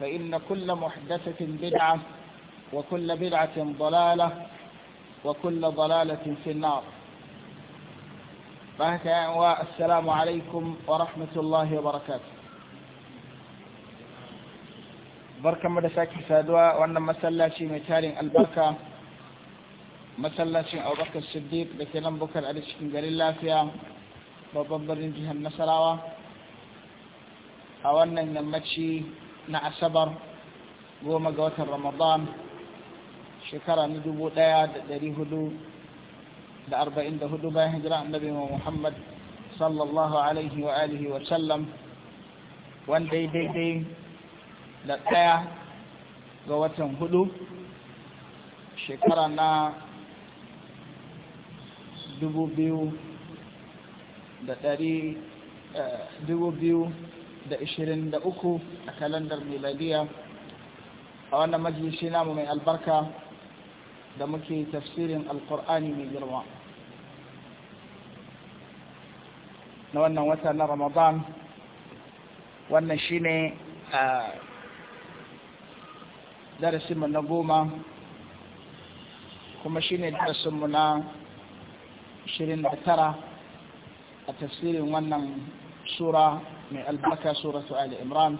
فإن كل محدثة بدعة وكل بدعة ضلالة وكل ضلالة في النار السلام عليكم ورحمة الله وبركاته بركة مدساك سادوا وأن مسألة شيء مثالين البركة مسألة شيء أو بركة الشديد لكي لم بكر على شيء قال الله فيها بببرين جهة النسراوة أو أن نمتشي na asabar goma ga watan ramadan shekara na dubu ɗaya da ɗari hudu da arba'in da hudu bayan hijira annabi muhammad sallallahu alaihi wa alihi wa sallam wanda daidai da ɗaya ga watan hudu shekara na dubu biyu da ɗari eh, dubu biyu da ishirin da uku a kalandar miladiya a wannan majalisi namu mai albarka da muke tafsirin alkur'ani mai girma na wannan wata na ramadan wannan shine a darasinmu na goma kuma shine darasinmu na tara a tafsirin wannan sura mai albarka suratu ali imran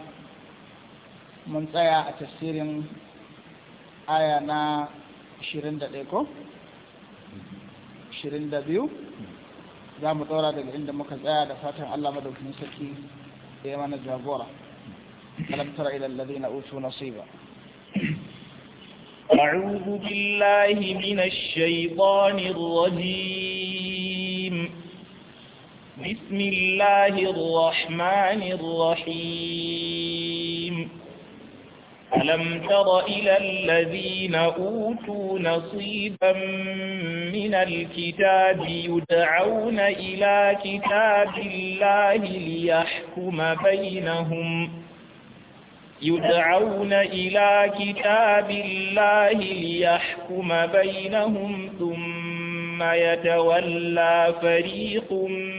mun tsaya a tasirin aya na 21 ko 22 za mu tsora daga inda muka tsaya da fatan allah madaukakin sarki ya mana jagora alam tara ila alladhina utu nasiba أعوذ بالله من الشيطان الرجيم بسم الله الرحمن الرحيم ألم تر إلى الذين أوتوا نصيبا من الكتاب يدعون إلى كتاب الله ليحكم بينهم يدعون إلى كتاب الله ليحكم بينهم ثم يتولى فريق منهم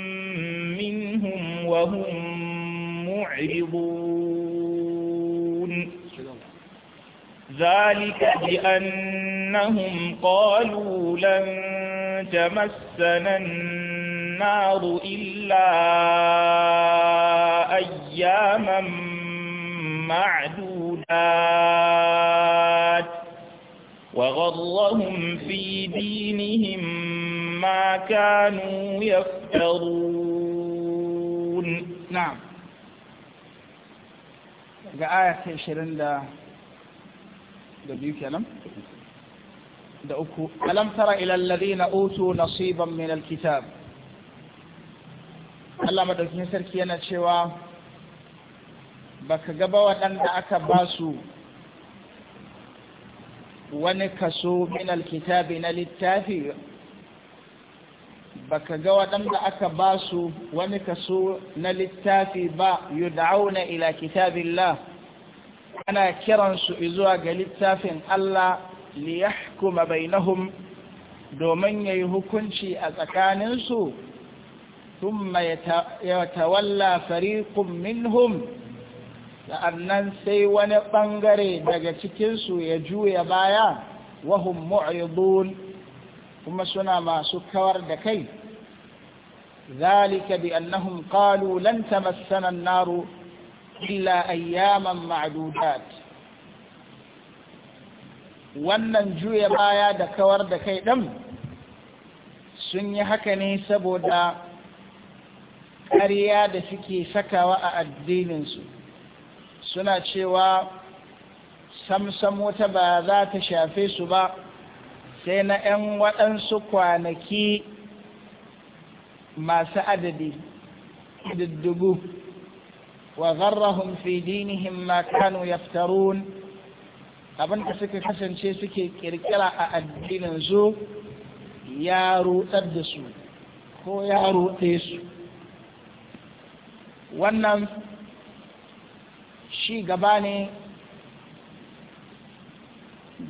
وهم معرضون ذلك بأنهم قالوا لن تمسنا النار إلا أياما معدودات وغرهم في دينهم ما كانوا يفترون na ga aya ta 20 da da biyu kenan da uku alam tara ila alladhina utu nasiban min alkitab Allah madaukakin sarki yana cewa baka ga ba waɗanda aka basu wani kaso min alkitabi na littafi baka ga waɗanda aka ba su wani kaso na littafi ba yud'auna ila kitabillah ana kiransu izuwa ga littafin Allah li yahkuma bainahum domin yayi hukunci a tsakaninsu thumma yatawalla fariqun minhum annan sai wani bangare daga cikinsu ya juya baya wahum mu'ridun kuma suna masu kawar da kai ذلك بأنهم قالوا لن تمسنا النار إلا أياما معدودات wannan juya baya da kawar da kai ɗan sun yi haka ne saboda karya da suke sakawa a addininsu suna cewa samsam wata ba za ta shafe su ba sai na ‘yan waɗansu kwanaki masu adadi dubu wa gharrahum fi dinihim ma kanu yaftarun abin da suka kasance suke kirkira a addinin su ya rutsar da su ko ya rutse su wannan shi gaba ne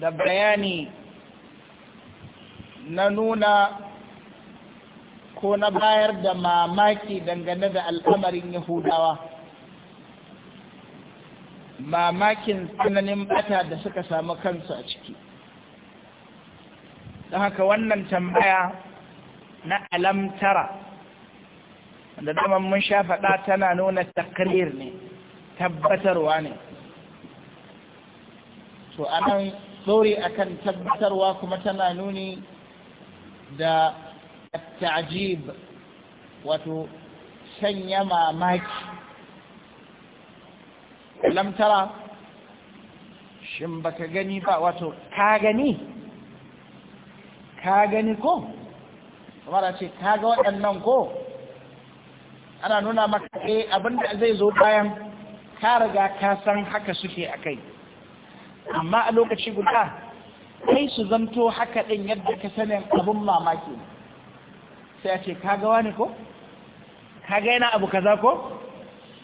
da bayani na nuna ko na bayar da mamaki dangane da al'amarin yahudawa mamakin tsananin bata da suka samu kansu a ciki don haka wannan tambaya na alamtara da daman mun sha faɗa tana nuna takarir ne tabbatarwa ne to anan tsori akan tabbatarwa kuma tana nuni da التعجيب wato sanya mamaki lam tara shin baka gani ba wato ka gani ka gani ko kamar ce ka ga waɗannan ko ana nuna maka eh abinda zai zo bayan ka riga ka san haka suke a kai amma a lokaci guda kai su zanto haka ɗin yadda ka sanin abin mamaki ne sai a ce kaga wani ko kaga yana abu kaza ko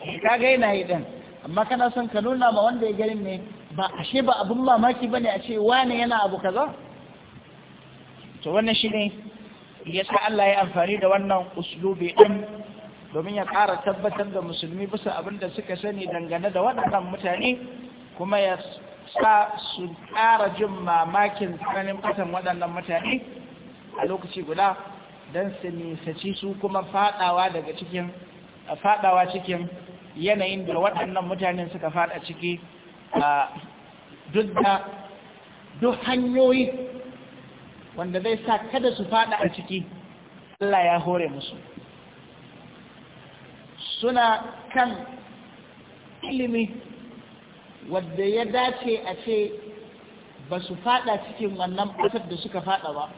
eh, kaga yana yi din amma kana son ka nuna ma wanda ya ganin ne ba ashe ba abin mamaki ba ne a ce wani yana abu kaza to wannan shi ne, ya sa Allah ya amfani da wannan uslubi din domin ya ƙara tabbatar da musulmi bisa abin da suka sani dangane da waɗannan mutane kuma ya sa su ƙara jin mamakin tsananin ɓatan waɗannan mutane a lokaci guda don su nisaci su kuma fadawa daga cikin fadawa cikin yanayin da waɗannan mutanen suka fada ciki duk da duk hanyoyi wanda zai sa kada su fada a ciki Allah ya hore musu suna kan ilimi wadda ya dace a ce ba su fada cikin wannan ƙasar da suka fada ba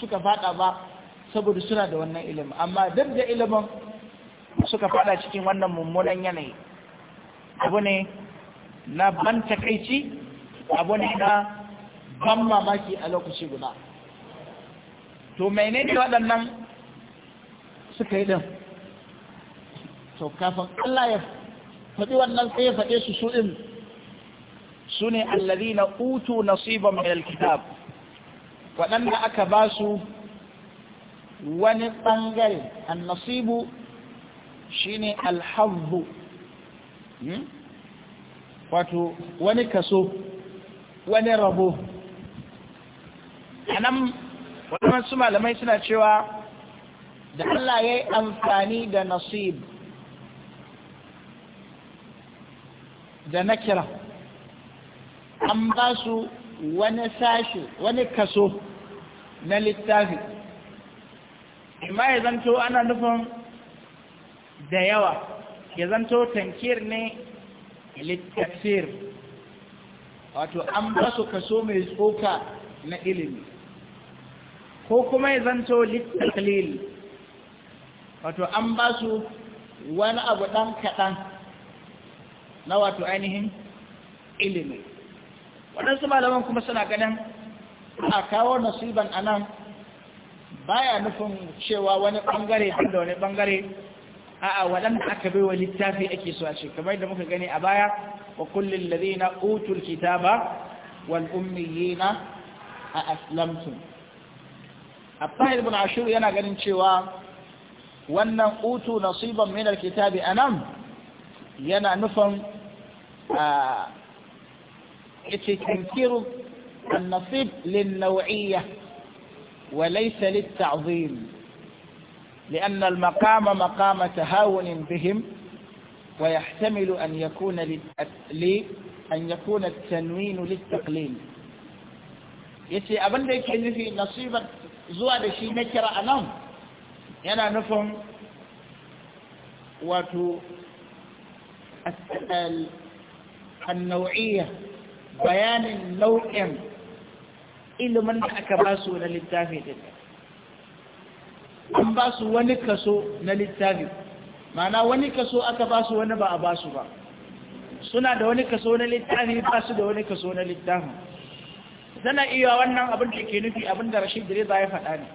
suka fada ba saboda suna da wannan ilimin amma duk da ilimin suka fada cikin wannan mummunan yanayi abu ne na ban takaici abu ne na ban mamaki a lokaci guda to menene waɗannan suka yi din to kafin Allah ya faɗi wannan sai ya faɗe su su ɗin su ne na utu nasiban min alkitab waɗanda aka ba su wani ɓangare annasibu ne alhabbu hmm? wato wani kaso wani rabo A anan waɗansu malamai suna cewa da Allah ya yi amfani da nasib da nakira an ba su wani sashi, wani kaso na littafi amma ya zanto ana nufin da yawa ya zanto tankir ne littafir, wato an ba su kaso mai tsoka na ilimi ko kuma ya zanto littafil, wato an ba su wani abu ɗan kaɗan na wato ainihin ilimi waɗansu malaman kuma suna ganin a kawo nasiban a nan baya nufin cewa wani bangare da wani bangare a'a waɗanda aka baiwa littafi ake so a ce kamar da muka gani a baya wa kullum ladina utul kitaba wal ummiyina a aslamtum Abdullahi bin Ashiru yana ganin cewa wannan utu nasiban kitabi a anan yana nufin a yace tankiru nasib lin nau'iyya. وليس للتعظيم لأن المقام مقام تهاون بهم ويحتمل أن يكون أن يكون التنوين للتقليل يتي أبن ذلك حذفي نصيبة زوال شيء نكرة أنام ينا نفهم واتو النوعية بيان النوع ilimin da aka ba su na littafi din an ba su wani kaso na littafi mana wani kaso aka ba su wani ba a ba su ba suna da wani kaso na littafi ba su da wani kaso na littafin zana iya wannan abin da ke nufi abin da rashid direba ya faɗa ne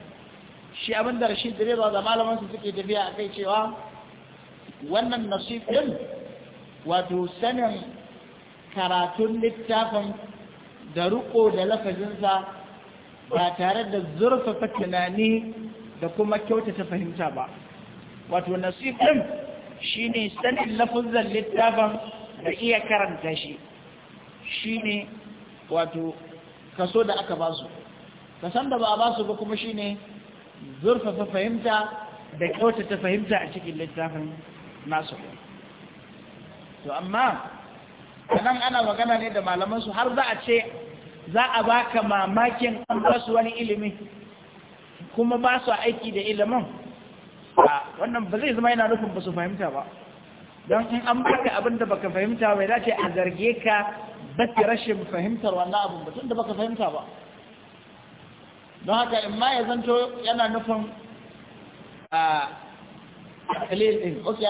shi abin da rashid direba da malaman su suke tafiya a kai cewa wannan nasifin wato sanin karatun littafin da riko da lafazinsa ba tare da zurfafa tunani da kuma kyautata fahimta ba wato nasifin shine sanin lafazin littafin da iya karanta shi shine wato kaso da aka ba su kasan da ba a ba su ba kuma shine zurfafa fahimta da kyautata fahimta a cikin littafin nasu to amma nan ana magana ne da su har za a ce za a baka mamakin an ba wani ilimi kuma ba su aiki da ilimin wannan ba zai zama yana nufin ba su fahimta ba don in an baka abin da baka fahimta bai dace a zarge ka bata rashin fahimtar wannan abin ba tun da baka fahimta ba don haka in ma ya zanto yana nufin a kalil din oke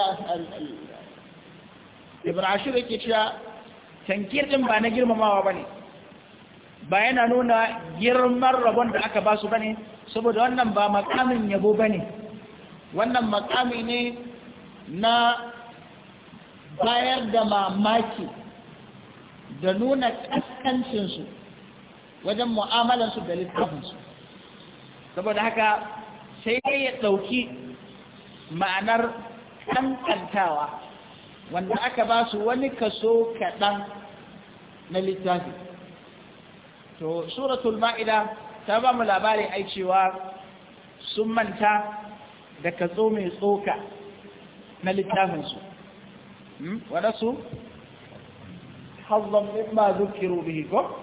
Ibrahim ashir yake cewa tankir din ba na girmamawa ba ne, ba yana nuna girman rabon da aka basu ne, saboda wannan ba makamin yabo ba ne. wannan makami ne na bayar da mamaki da nuna kaskancinsu wajen mu'amalansu da littafinsu saboda haka sai ya ɗauki ma'anar ƙanƙantawa wanda aka ba su wani kaso kaɗan na littafi to suratul ma'ida ta ba mu labari ai cewa sun manta da katso mai tsoka na littafinsu hmm? waɗansu hazzon ma zukiru bihi ko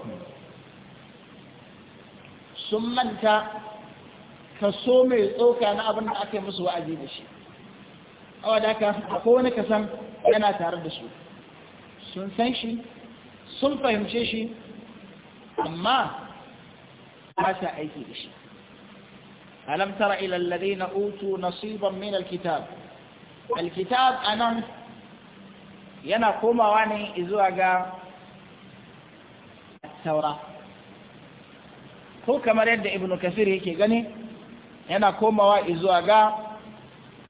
sun manta kaso mai tsoka na abin da aka yi musu wa'azi da shi awa da akwai wani kasan yana tare da su sun san shi sun fahimce shi amma ba sa aiki da shi alam tara ila alladhina utu nasiban min alkitab alkitab anan yana komawa ne zuwa ga taura ko kamar yadda ibnu kasir yake gani yana komawa zuwa ga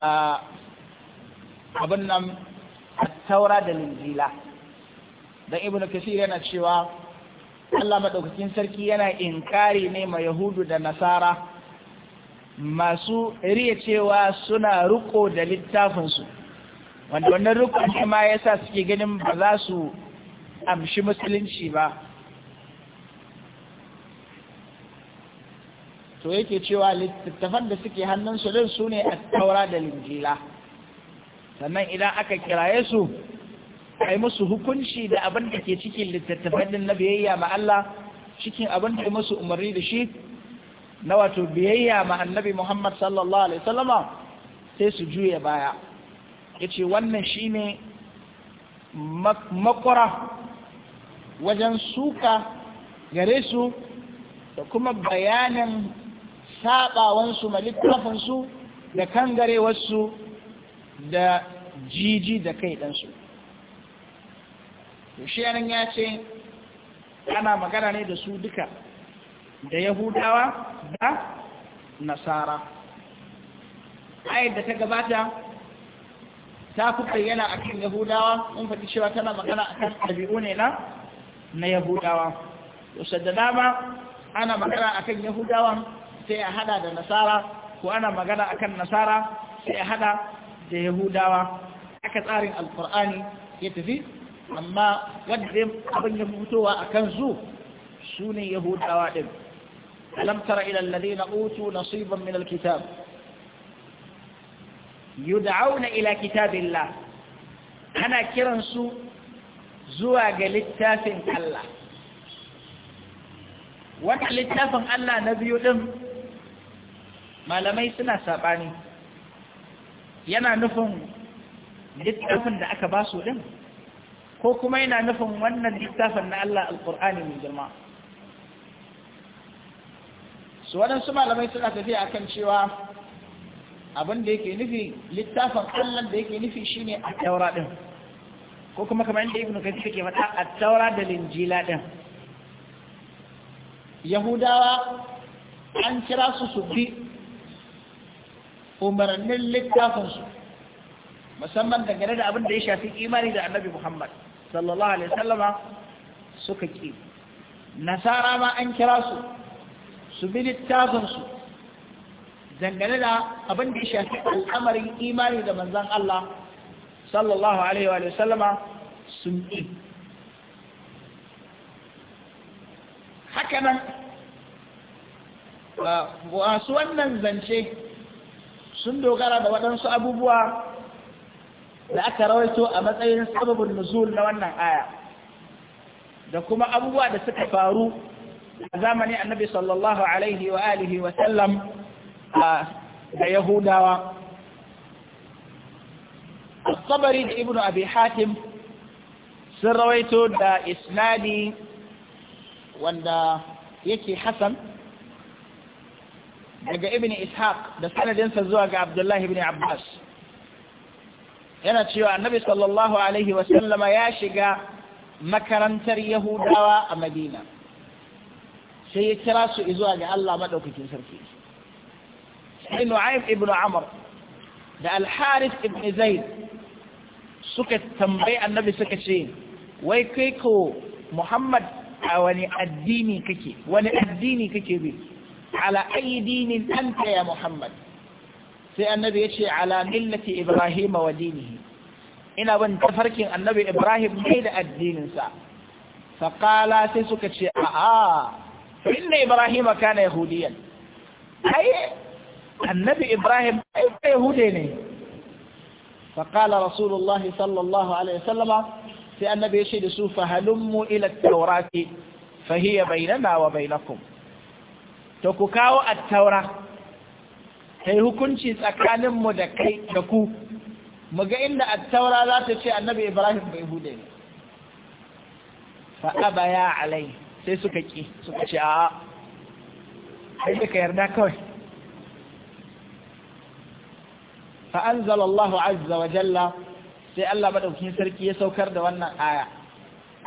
ah, abin nan a taura da linjila dan ibnu kasir yana cewa Allah maɗaukakin sarki yana inkari ne ma yahudu da nasara masu riya cewa suna riko da littafinsu wanda wannan rukun shi ma sa suke ganin ba za su amshi musulunci ba to yake cewa littattafan da suke hannunsu din su ne a taura da linjila sannan idan aka kiraye su ai musu hukunci da abin da ke cikin littattafan na biyayya ma Allah cikin abin da musu umarni da shi na wato biyayya ma annabi Muhammad sallallahu alaihi wasallama sai su juya baya yace wannan shine makwara wajen suka gare su da kuma bayanin sabawansu ma littafinsu da kangarewarsu da jiji da kai ɗansu Yaushe shi ya ce ana magana ne da su duka da yahudawa da nasara ai da ta gabata ta fi bayyana a kan yahudawa in faɗi cewa tana magana a kan ɗabi'u ne na na yahudawa to da dama ana magana a kan yahudawa sai a hada da nasara ko ana magana a kan nasara sai a hada da yahudawa aka tsarin alkur'ani ya tafi amma wanda abin ya fitowa a kan su su yahudawa ɗin alam tara ila alladhina utu nasiban min alkitab yud'auna ila kitabillah ana kiran su zuwa ga littafin Allah wannan littafin Allah na biyu din malamai suna sabani yana nufin littafin da aka ba su ɗin ko kuma yana nufin wannan littafin na Allah alƙur'ani mai girma su waɗansu malamai suna tafiya kan cewa abin da yake nufi littafin Allah da yake nufi shine a taura ɗin ko kuma kamar yadda ibnu kasir ke faɗa a taura da linjila ɗin yahudawa an kira su su bi Umarannin umarnin su musamman dangane da abin da ya shafi imani da annabi Muhammad sallallahu alaihi sallama suka ki nasara ma an kira su su bi su dangane da abin da ya shafi al'amarin imani da manzan Allah sallallahu alaihi wa sallama sun yi hakanan wasu wannan zance sun dogara da waɗansu abubuwa da aka rawaito a matsayin sababin nuzul na wannan aya da kuma abubuwa da suka faru a zamani annabi sallallahu alaihi wa alihi wa sallam da yahudawa الطبري da Ibnu Abi Hatim sun rawaito da isnadi wanda yake hasan daga ibn ishaq da sanadinsa zuwa ga abdullahi ibn abbas yana cewa annabi sallallahu alaihi wasallama ya shiga makarantar yahudawa a madina sai ya kira su zuwa ga allah maɗaukakin sarki sai nu'aym ibn amr da al-harith ibn zaid suka tambayi annabi suka ce wai kai ko muhammad a wani addini kake wani addini kake bi ala ayi dinin anta Muhammad sai annabi ya ce ala millati Ibrahim wa dinihi ina ban tafarkin annabi Ibrahim ne da addininsa faƙala sai suka ce a'a inna Ibrahim kana yahudiyan ai annabi Ibrahim ai yahude ne faƙala rasulullahi sallallahu alaihi wasallama sai annabi ya ce da su fahalummu ila taurati fahiya bainana wa bainakum to ku kawo attaura ta yi hukunci tsakaninmu da kai da ku mu ga inda attaura za ta ce annabi ibrahim bai bude ne fa'aba ya alai sai suka ƙi suka ce a sai suka yarda kawai fa'anzala Allah azza wa jalla sai Allah maɗaukin sarki ya saukar da wannan aya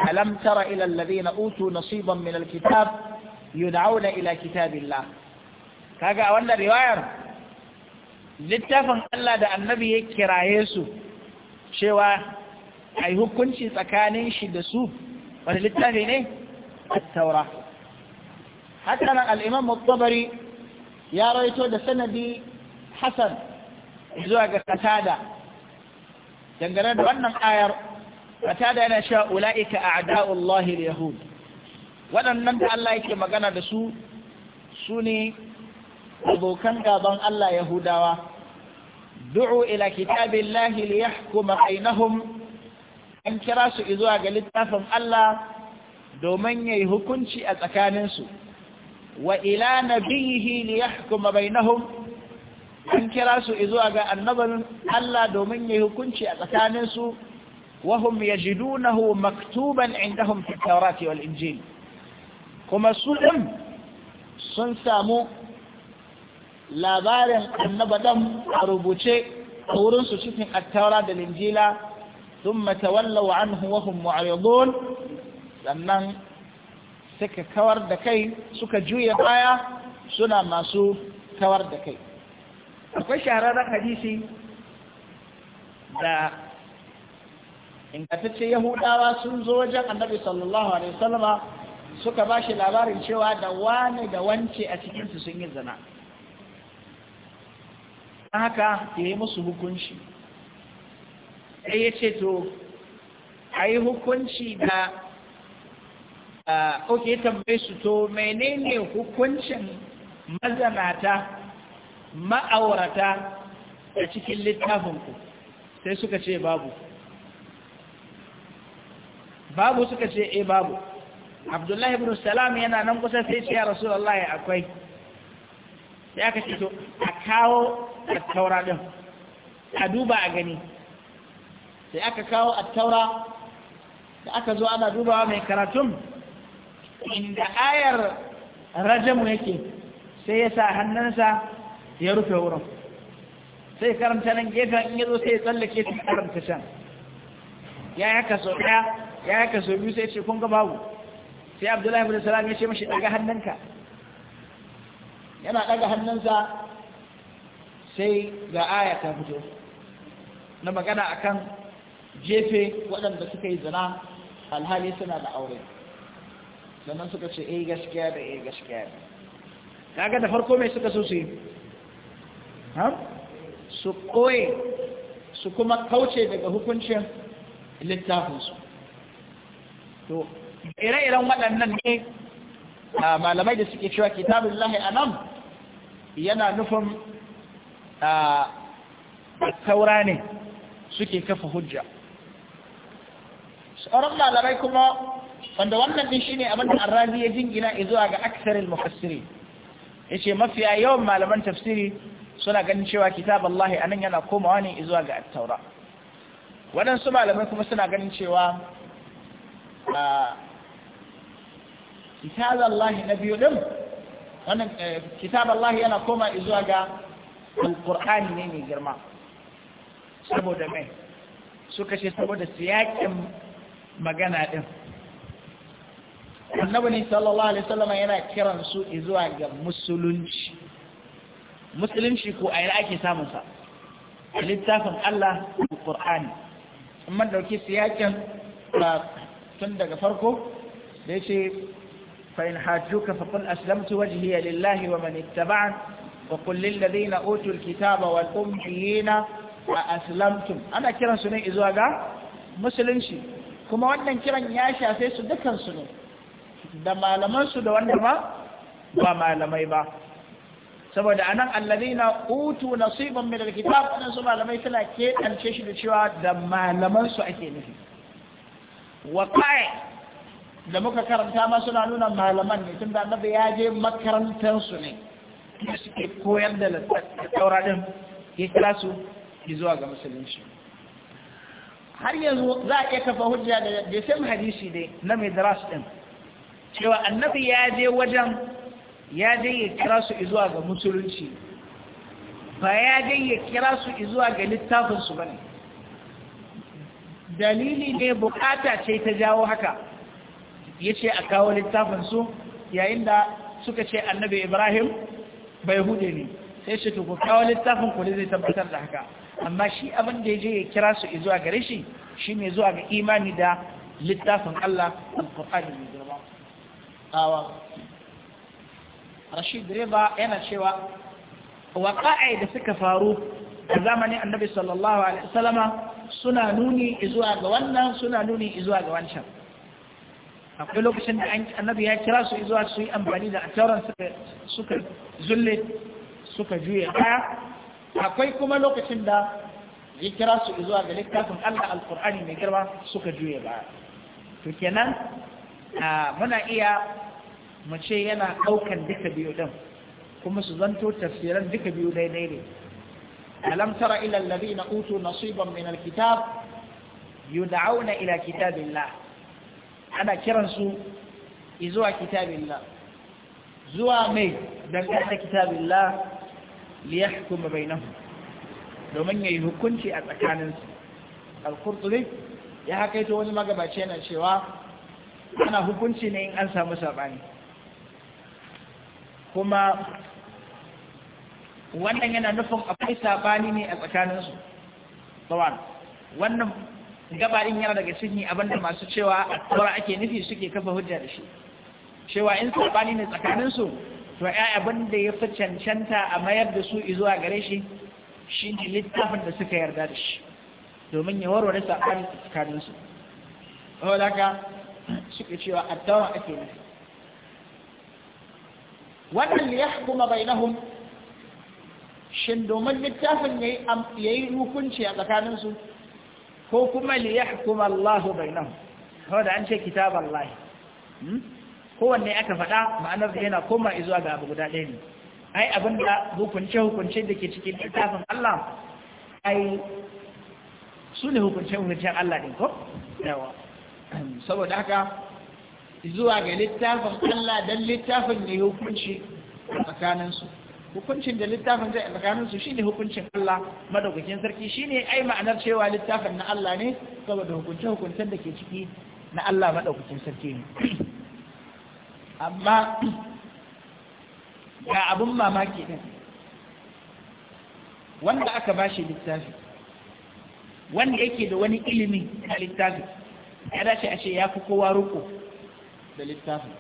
alam tara ila alladhina utu nasiban min alkitab yud'auna ila kitabillah kaga a wannan riwayar littafin Allah da annabi ya kiraye su cewa ai hukunci tsakanin shi da su wani littafi ne at-taura hatta nan al-imam tabari ya rawaito da sanadi hasan zuwa ga katada dangane da wannan ayar katada yana cewa ula'ika a'da'ullahi al-yahud waɗannan da Allah yake magana da su su ne abokan gaban Allah Yahudawa du'u ila kitabillahi liyahkuma bainahum an kira su zuwa ga littafin Allah domin yayi hukunci a tsakaninsu wa ila nabiyhi liyahkuma bainahum an kira su zuwa ga annabin Allah domin yayi hukunci a tsakaninsu وهم يجدونه مكتوبا عندهم في التوراة والإنجيل kuma su ɗin sun samu labarin annaba a rubuce a wurinsu cikin attaura da linjila sun matawalla an huwahun mu'ayyadun sannan suka kawar da kai suka juya baya suna masu kawar da kai akwai shahararren hadisi da ingantacce yahudawa sun zo wajen annabi sallallahu alaihi wasallama suka ba shi labarin cewa da wane da wance a cikinsu sun yi zana, ta haka ya yi musu hukunci sai ya ce to a yi hukunci da oke tambaye su to menene hukuncin mazanata ma'aurata a cikin littafinku sai suka ce babu babu suka ce e babu abdullahi ibn salam yana nan kusa sai ce ya rasulullahi akwai sai aka ce to a kawo attaura din a duba a gani sai aka kawo attaura da aka zo ana dubawa mai karatun inda ayar rajamu yake sai ya sa hannunsa ya rufe wurin sai karanta nan gefen in yazo sai ya tsallake su karanta can ya yaka so ɗaya ya yaka so biyu sai ce kun ga babu sai abdullahi ibn salam ya ce mashi daga hannunka yana daga hannunsa sai ga aya ta fito na magana akan jefe waɗanda suka yi zina alhali suna da aure sannan suka ce eh gaskiya da eh gaskiya da kaga da farko mai suka so su yi su koye su kuma kauce daga hukuncin littafinsu to ire-iren waɗannan ne malamai da suke cewa kitabun lahi a nan yana nufin taura ne suke kafa hujja sauran malamai kuma wanda wannan din shine abin da arrazi ya jingina zuwa ga aksarin mafassiri ya ce mafiya yawan malaman tafsiri suna ganin cewa kitab Lahi a yana komawa ne zuwa ga taura waɗansu malamai kuma suna ganin cewa kitab Allah na biyu din wannan eh, kitab Allah yana koma zuwa ga alqur'ani ne mai girma saboda mai suka ce saboda siyakin magana din annabi ne sallallahu alaihi wasallam yana kiran su zuwa ga musulunci musulunci ko a yana ake samun sa littafin Allah alqur'ani amma dauki siyakin tun daga farko da yace فإن حاجوك فقل أسلمت وجهي لله ومن اتبعن وقل للذين أوتوا الكتاب والأمحيين وأسلمتم أنا كرا سنة إزواجا مسلم شي كما وانا كرا نياشا في سدكا سنة da malamansu da wanda ba ba malamai ba saboda anan alladhina utu nasiban min alkitab wannan su malamai tana ke kance shi da cewa da malamansu ake nufi wa da muka karanta ma suna nuna malaman ne tun da annabi ya je makarantarsu ne da suke koyar da da taura din ya kira su zuwa ga musulunci har yanzu za a iya kafa hujja da jisim hadisi dai na mai daras din cewa annabi ya je wajen ya je ya kira su zuwa ga musulunci ba ya je ya kira su zuwa ga littafinsu ba ne dalili ne bukata ce ta jawo haka ya ce a kawo littafinsu yayin da suka ce annabi ibrahim bai hude ne sai shi tuku kawo littafin kuli zai tabbatar da haka amma shi abin da ya je ya kira su zuwa gare shi shi mai zuwa ga imani da littafin Allah al-Qur'ani mai girma awa Rashid Reba yana cewa waƙa'ai da suka faru a zamanin Annabi sallallahu alaihi wasallama suna nuni zuwa ga wannan suna nuni zuwa ga wancan akwai lokacin da annabi ya kira su zuwa su yi amfani da attauran suka zulle suka juya. akwai kuma lokacin da ya kira su zuwa ga littafin Allah alkur'ani mai girma suka juya baya to kenan muna iya mu ce yana ɗaukan duka biyu din kuma su zanto tafsiran duka biyu daidai ne alam tara ila alladhina utu nasiban min alkitab yud'auna ila kitabillah ana kiransu zuwa kitabillah zuwa mai dangane da kitabillah liyahkuma bainahum domin yayi hukunci a tsakaninsu al-qurtubi ya hakaito wani magabaci yana cewa ana hukunci ne in an samu sabani kuma wannan yana nufin akwai sabani ne a tsakaninsu tsawon wannan gaba din yana daga cikin abinda masu cewa tsora ake nufi suke kafa hujja da shi cewa in sabani ne tsakanin su to ai abin da ya fi cancanta a mayar da su zuwa gare shi shi ne littafin da suka yarda da shi domin ya warware sabani tsakanin su saboda haka suke cewa addawa ake nufi wannan ya hukuma bainahum shin domin littafin ya yayi hukunci a tsakanin su ko kuma li yahkuma Allahu bainahum da an ce kitab Allah hmm? kowanne aka faɗa ma'anar da yana koma zuwa ga abu guda ɗaya ne ai abinda hukunce hukunce da ke cikin littafin Allah ai su ne hukunce hukunce Allah ɗin ko yawa saboda haka zuwa ga littafin Allah dan littafin ne hukunci tsakaninsu hukuncin da littafin zai tsakanin su shine hukuncin Allah madaukakin sarki shine ai ma'anar cewa littafin na Allah ne saboda hukuncin-hukuncin da ke ciki na Allah madaukakin sarki ne amma ga abin mamaki din wanda aka bashi littafi wanda yake da wani ilimi na littafi ya dace a ce ya fi kowa ruko da littafin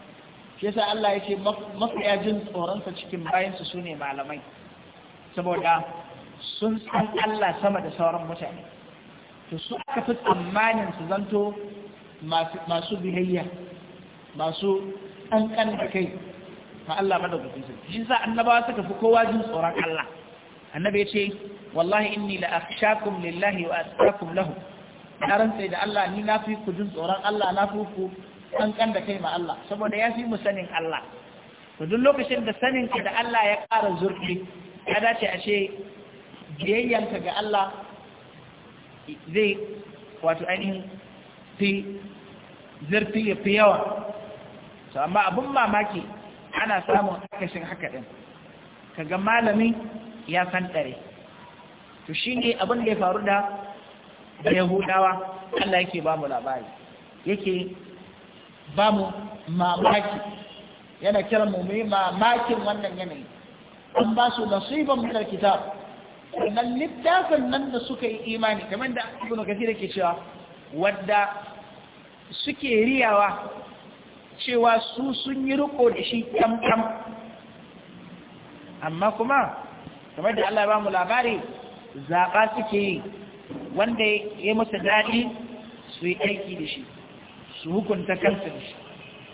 shi yasa Allah ya ce mafiya jin tsoronsa cikin bayansu su ne malamai saboda sun san Allah sama da sauran mutane to su aka fi tsammanin su zanto masu biyayya masu ƙanƙan da kai ma Allah madaukakin sarki shi yasa annabawa suka fi kowa jin tsoron Allah annabi ya ce wallahi inni la akhshakum lillahi wa lahu na rantsa da Allah ni na fi ku jin tsoron Allah na fi ku kan da kai ma Allah saboda ya fi mu sanin Allah to duk lokacin da sanin ka da Allah ya ƙara zurfi ya dace a ce biyayyanka ga Allah zai wato ainihin fi zurfi ya fi yawa to amma abin mamaki ana samun akashin haka ɗin kaga malami ya san ɗare to shi ne abin da ya faru da yahudawa Allah yake ba mu labari yake ba mu mamaki yana kiran mu mai mamakin wannan yanayi an ba su nasiban min alkitab wannan littafin nan da suka yi imani kamar da ibnu kathir yake cewa wadda suke riyawa cewa su sun yi riko da shi kamkam amma kuma kamar da Allah ba mu labari zaɓa suke yi wanda ya musu daɗi su yi aiki da shi su hukunta kansu da shi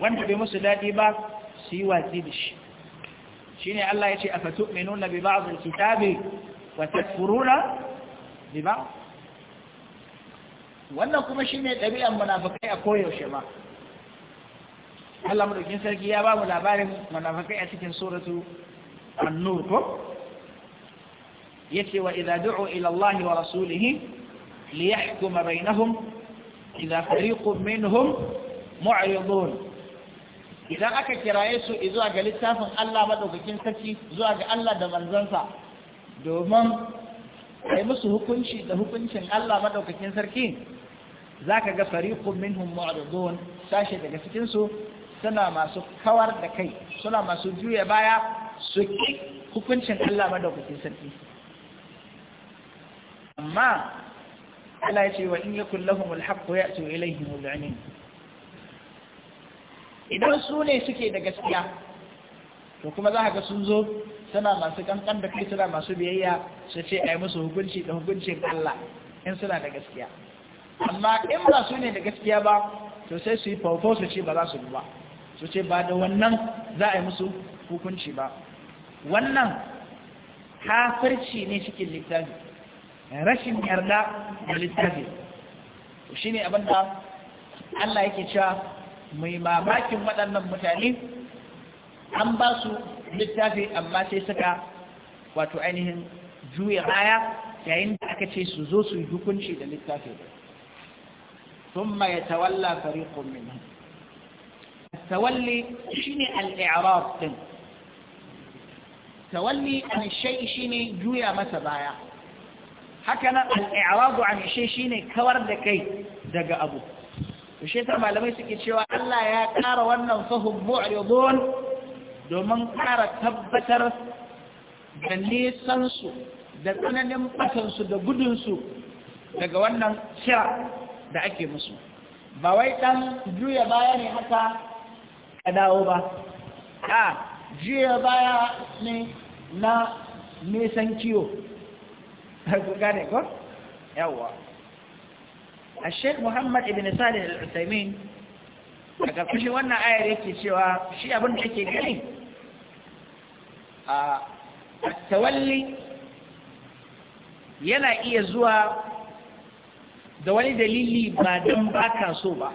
wanda bai musu daɗi ba su yi watsi da shi shi ne Allah ya ce a fatu minu na biba a kitabe wata furuna biba wannan kuma shi ne ɗabi'an munafakai a koyaushe ba Allah madaukin sarki ya ba mu labarin munafakai a cikin suratu annur ko yace wa idza du'u ila Allah wa rasulihi liyahkuma bainahum idza fariqun minhum mu'ridun idan aka kiraye su zuwa ga littafin Allah madaukakin sarki zuwa ga Allah da manzansa domin ai musu hukunci da hukuncin Allah madaukakin sarki zaka ga fariqun minhum mu'ridun sashe daga cikin su suna masu kawar da kai suna masu juya baya su hukuncin Allah maɗaukakin sarki amma Allah ya ce wa in yakun lahum alhaq ya'tu ilayhi mud'anin idan su ne suke da gaskiya to kuma za ga sun zo suna masu kankan da kai suna masu biyayya su ce ai musu hukunci da hukuncin Allah in suna da gaskiya amma in ba su ne da gaskiya ba to sai su yi faufau su ce ba za su yi ba su ce ba da wannan za a yi musu hukunci ba wannan kafirci ne cikin littafi rashin yarda da littafi shi ne abinda Allah yake cewa mai mamakin waɗannan mutane an ba su littafi amma sai suka wato ainihin juya baya yayin da aka ce su zo su yi hukunci da littafi ثم يتولى فريق منهم التولي شنو الإعراض تولي عن الشيء ne juya masa baya. hakanan nan al'irazu an ishe shi ne kawar da kai daga abu ishe ta malamai suke cewa Allah ya ƙara wannan a yabon domin ƙara tabbatar da nisansu da tsananin batansu da gudunsu daga wannan kira da ake musu ba wai ɗan juya baya ne haka ka dawo ba a juya baya ne na nisan kiwo ku gane ko Sadi الشيخ محمد ابن صالح العثيمين a ƙarƙashin wannan ayar yake cewa shi abin da ke gani a tawalli yana iya zuwa da wani dalili ba don ba so ba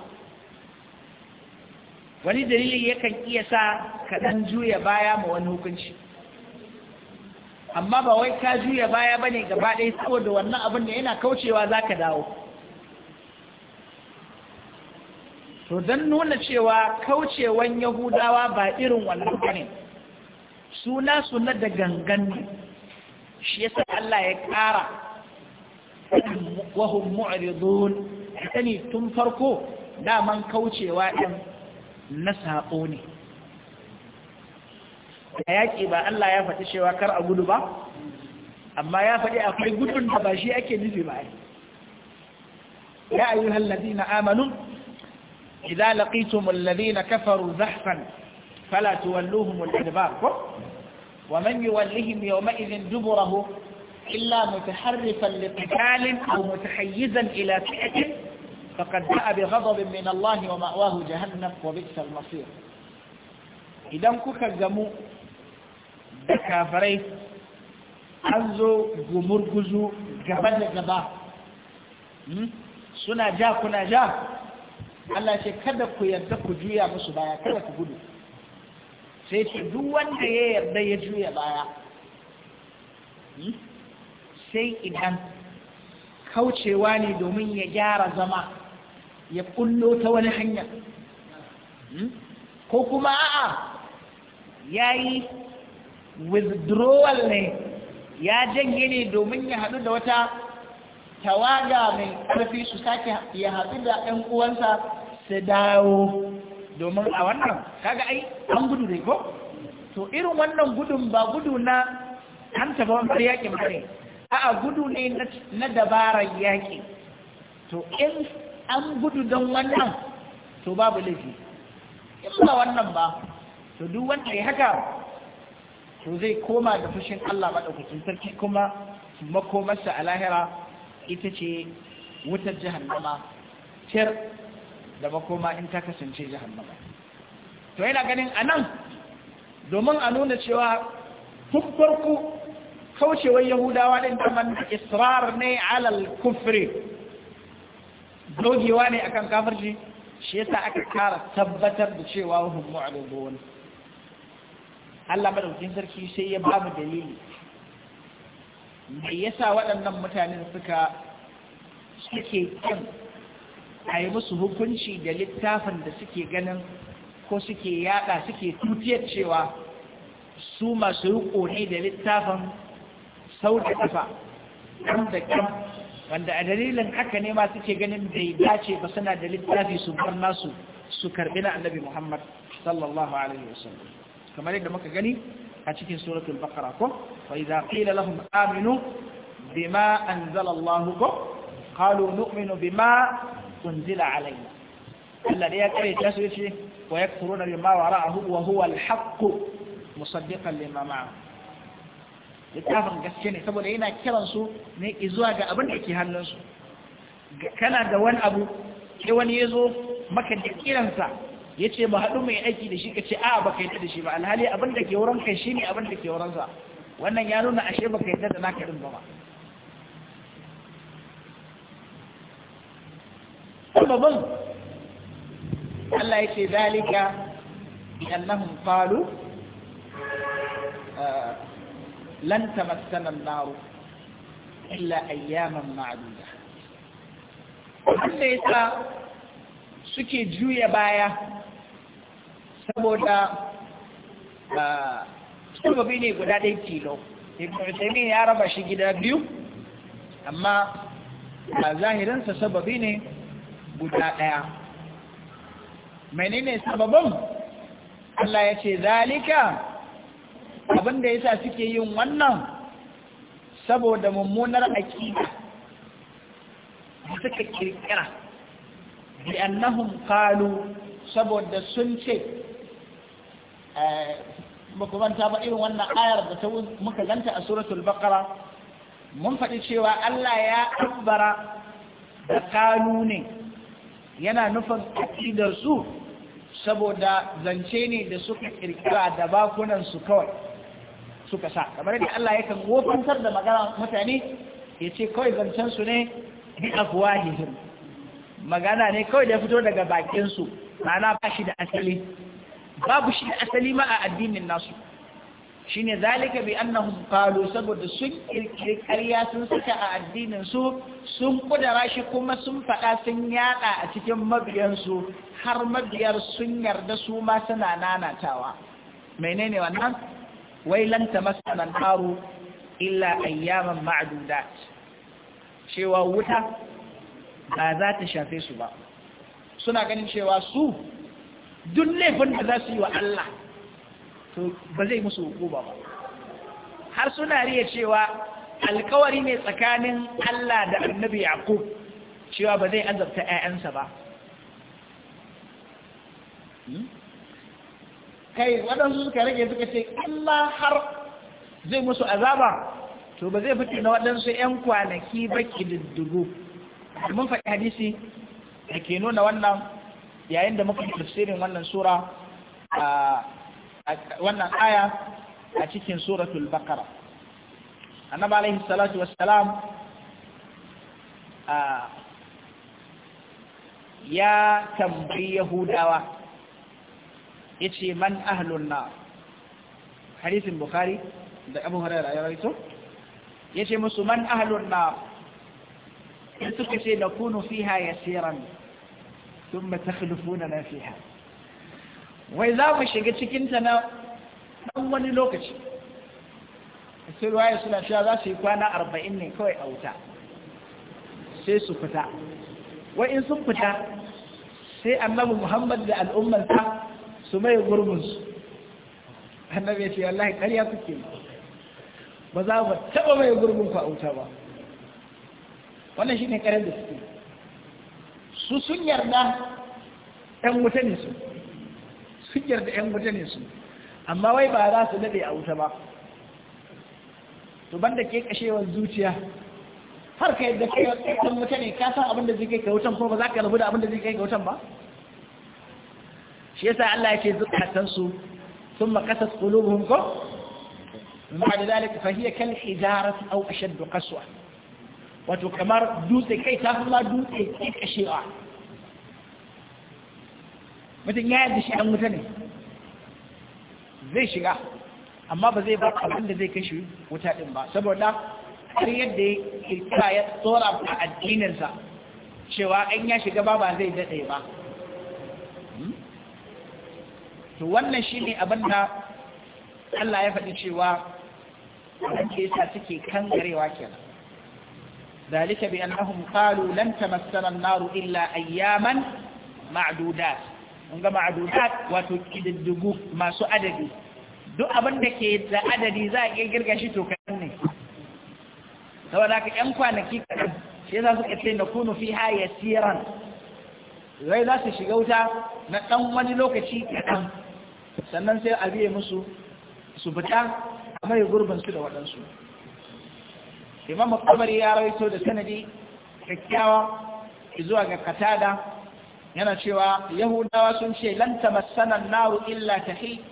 wani dalili yakan iya sa kaɗan juya baya ma wani hukunci amma ba wai ka juya baya bane gaba ɗaya saboda wannan abin da yana kaucewa za ka dawo to don nuna cewa kaucewan yahudawa ba irin wannan bane suna suna da gangan ne shi yasa Allah ya ƙara wahum mu'ridun sani tun farko daman kaucewa ɗin na saƙo ne da yaƙi ba Allah ya faɗi cewa kar a gudu ba amma ya faɗi akwai gudun da ba shi ake nufi ba ya ayyuhal ladina amanu idza laqitumul ladina kafaru zahfan fala tuwalluhumul adbar ko wa man yuwallihim yawma idhin duburahu illa mutaharrifan liqitalin aw mutahayyizan ila fi'atin faqad ba'a bighadabin min Allah wa ma'wahu jahannam wa bi'sal masir idan kuka gamu da kafirai an zo gumurguzu gaba da gaba hmm? suna ja kuna ja Allah ce kada ku yarda ku juya musu baya kada ku gudu sai ce duk wanda ya yarda ya juya baya hmm? sai idan kaucewa ne domin ya gyara zama ya kullo ta wani hanyar. Hmm? ko kuma a'a ya yi withdrawal ne ya janye ne domin ya haɗu da wata tawaga mai ƙarfi su sake ya haɗu da ɗan uwansa su dawo domin a wannan kaga ai an gudu dai ko to irin wannan gudun ba gudu na an ba wani yaƙi ba ne a'a gudu ne na dabarar yaƙi to in an gudu don wannan to babu laifi in ba wannan ba to duk wanda ya haka to zai koma da fushin Allah maɗaukacin sarki kuma makomarsa a lahira ita ce wutar jahannama tir da makoma in ta kasance jahannama to yana ganin a nan domin a nuna cewa tun farko kaucewar yahudawa ɗin daman israr ne alal kufri dogewa ne akan kafirci shi yasa aka kara tabbatar da cewa hum mu'ridun Allah madaukakin sarki sai ya ba mu dalili me yasa waɗannan mutanen suka suke kin a yi musu hukunci da littafin da suke ganin ko suke yada suke tutiyar cewa su masu riko ne da littafin sau da kafa da kan wanda a dalilin haka ne ma suke ganin bai dace ba suna da littafi su bar nasu su karbi na annabi Muhammad sallallahu alaihi wasallam kamar yadda muka gani a cikin suratul baqara ko fa idza qila lahum aminu bima anzala Allah ko qalu nu'minu bima unzila alayna Allah da ya kare ta su yace wa yakfuruna bima wara'ahu wa huwa al-haqq musaddiqan lima ma'ahu littafin gaske ne saboda yana kiran su ne izuwa ga abin da ke hannunsu kana da wani abu sai wani ya zo maka da kiransa ya ce mu haɗu mai aiki da shi ka ce a'a baka yadda da shi ba alhali abin da ke wurin kai shine abin da ke wurin sa wannan ya nuna ashe baka yadda da naka din ba ba sababin Allah ya ce zalika bi annahum qalu ah, lan tamassana an-nar illa ayyaman ma'duda wanda ya suke juya baya saboda ah, sababi ne guda ɗaya kilo ibn ya raba shi gida biyu amma a ah, zahirinsa sababi ne guda ɗaya menene sababin Allah ya ce zalika abinda yasa suke yin wannan saboda mummunar aƙida suka kirkira bi annahum qalu saboda sun ce Eh, manta ba irin wannan ayar da ta muka ganta a suratul baqara mun faɗi cewa Allah ya abbara da kanuni yana nufin akidar su saboda zance ne da suka kirkira da bakunan su kawai suka sa kamar da Allah yakan gofantar da magana mutane ya ce kawai zancen su ne bi afwahihim magana ne kawai da fito daga bakin su Mana ba shi da asali babu shi asali ma a addinin nasu Shi shine zalika bi annahum qalu saboda sun kirkiri ƙarya sun saka a addinin su sun kudara shi kuma sun faɗa sun yaɗa a cikin mabiyansu har mabiyar sun yarda su ma suna nanatawa menene wannan wai lan tamassana naru illa ayyaman ma'dudat cewa wuta ba za ta shafe su ba suna ganin cewa su duk laifin da za su yi wa Allah to ba zai musu hukuma ba har suna riya cewa alkawari ne tsakanin Allah da annabi Yaqub cewa ba zai azabta ƴaƴansa ba hmm? kai waɗansu suka rage suka ce Allah har zai musu azaba to ba zai fito na waɗansu ƴan kwanaki ba ƙididdigo mun faɗi hadisi da ke nuna wannan yayin da muka yi tafsirin wannan sura wannan aya a cikin suratul bakara annabi alaihi salatu wassalam ya tambayi yahudawa yace man ahlun nar hadisin bukhari da abu hurairah ya rawaito yace musu man ahlun nar in suka da kunu fiha yasiran sun matakhlufuna na fiha wai za mu shiga cikinta na ɗan wani lokaci sai suna cewa za su yi kwana arba'in ne kawai a wuta sai su fita wai in sun fita sai annabi muhammad da al'ummansa su mai gurbinsu annabi ya ce wallahi ƙarya kuke ba za mu taɓa ku a wuta ba wannan da su sun yarda ‘yan wuta ne su sun yarda ‘yan wuta ne su amma wai ba za su daɗe a wuta ba to banda ke kashewar zuciya har ka yadda kai ɗan wuta ne ka san abin da zai kai ka wutan ko ba za ka rabu da abin da zai kai ka wutan ba shi yasa Allah ya ce zukatan su sun makasar ƙulubuhun ko ma da zalika fahiyar kan hijarar au ashaddu kasuwa wato kamar dutse kai ta fi dutse ke kashewa mutum ya yadda shi an wuta ne zai shiga amma ba zai ba abin da zai kashe wuta din ba saboda har yadda ya kirkira ya tsora a addininsa cewa an ya shiga ba ba zai daɗe ba hmm? to wannan shi ne abin da Allah ya faɗi cewa wanda ke sa suke kangarewa kenan ذلك بأنهم قالوا لن تمثل النار إلا أياما معدودات ونقى معدودات وتكيد الدقوف ما سو أددي دو أبن دكيد ذا أددي ذا يقرق شتو كأني سوى ذاك أنقوى نكيك شيء ذا سكتي نكون فيها يسيرا zai za su shiga wuta na ɗan wani lokaci kaɗan sannan sai a biye musu su fita imam al-tabari ya rawaito da sanadi kyakkyawa zuwa ga katada yana cewa yahudawa sun ce lan tamassana an-naru illa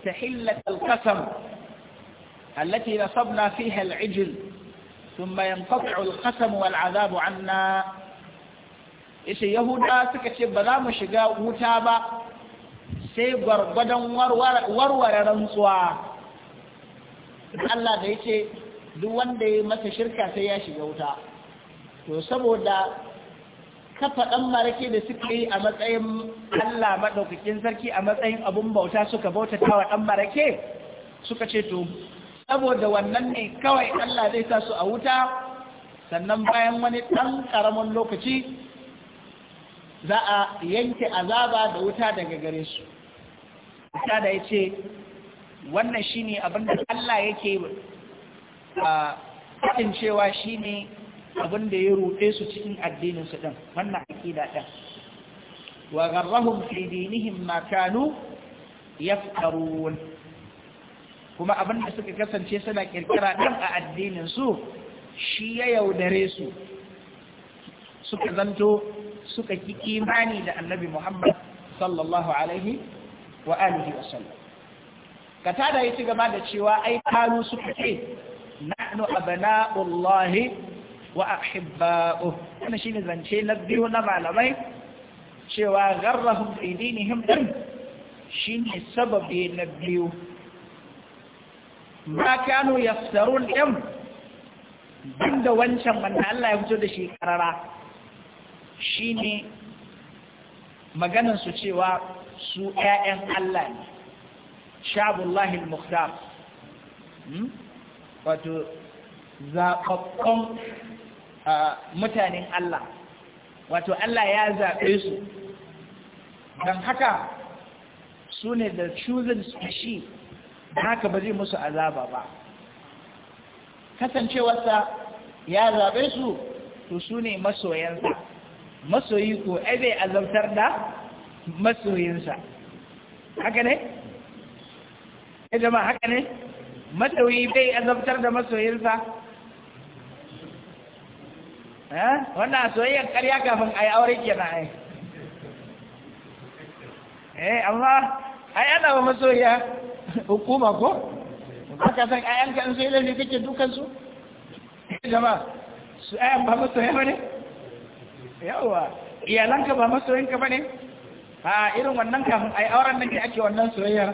tahillat al-qasam allati nasabna fiha al-ijl thumma yanqati'u al-qasam wal-'adhabu 'anna yace yahudawa suka ce ba za mu shiga wuta ba sai gwargwadon warware rantsuwa Allah da yake duk wanda ya masa shirka sai ya shiga wuta to saboda kafa ɗan marake da suka yi a matsayin Allah maɗaukakin sarki a matsayin abun bauta suka bauta wa ɗan marake suka ce to saboda wannan ne kawai Allah zai sa su a wuta sannan bayan wani ɗan ƙaramin lokaci za a yanke azaba da wuta daga gare su wuta da ya ce wannan shine abinda Allah yake a faɗin cewa shi ne abin ya ruɗe su cikin addininsu ɗin wannan ake ɗin wa garrahun fi makanu ya kanu kuma abin suka kasance suna kirkira ɗin a addininsu shi ya yaudare su suka zanto suka ki imani da annabi Muhammad sallallahu alaihi wa alihi wa sallam ka tada ya ci gaba da cewa ai kanu suka ce نحن أبناء الله وأحباؤه أنا شيء نزل شيء نبيه نبع لمي شيء وغرهم في دينهم شيء السبب ينبيه ما كانوا يفسرون لهم عند وانشم من الله يوجد شيء كرارا شيني maganan su cewa su ƴaƴan أن ne shabullahi الله المختار wato zaɓaɓɓen mutanen Allah wato Allah ya zaɓe su don haka su ne da chosen species da haka ba zai musu azaba ba kasancewarsa ya zaɓe su to su ne masoyansa masoyi ko ebe a azabtar da masoyinsa haka ne? ya eh, jama haka ne? matawi bai azabtar da masoyinsa eh? wannan soyayyar karya kafin a yi aure ke na ai eh amma ai ana wa masoyiya hukuma ko ba ka san ayan ka sai ne kake dukan su jama'a su ayan ba ne? bane yawa iyalanka ba masoyinka bane a irin wannan kafin ai auren nan ke ake wannan soyayya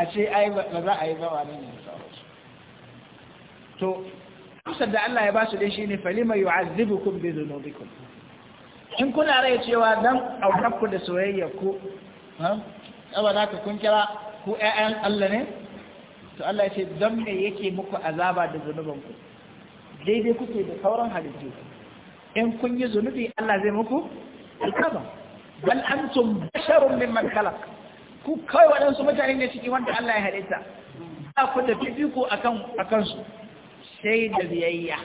a ce ai ba za a yi ba wani ne to amsar da Allah ya ba su dai shine falima yu'azzibukum bi dhunubikum in kuna rai cewa dan aukarku da soyayya ku ha saboda ka kun kira ku ƴaƴan Allah ne to Allah ya ce dan me yake muku azaba da zunuban ku daidai kuke da sauran halittu in kun yi zunubi Allah zai muku alkaba bal antum basharun mimman khalaq ku kai waɗansu mutane ne cikin wanda Allah ya halitta ba ku da fifiko akan akan su sai da biyayya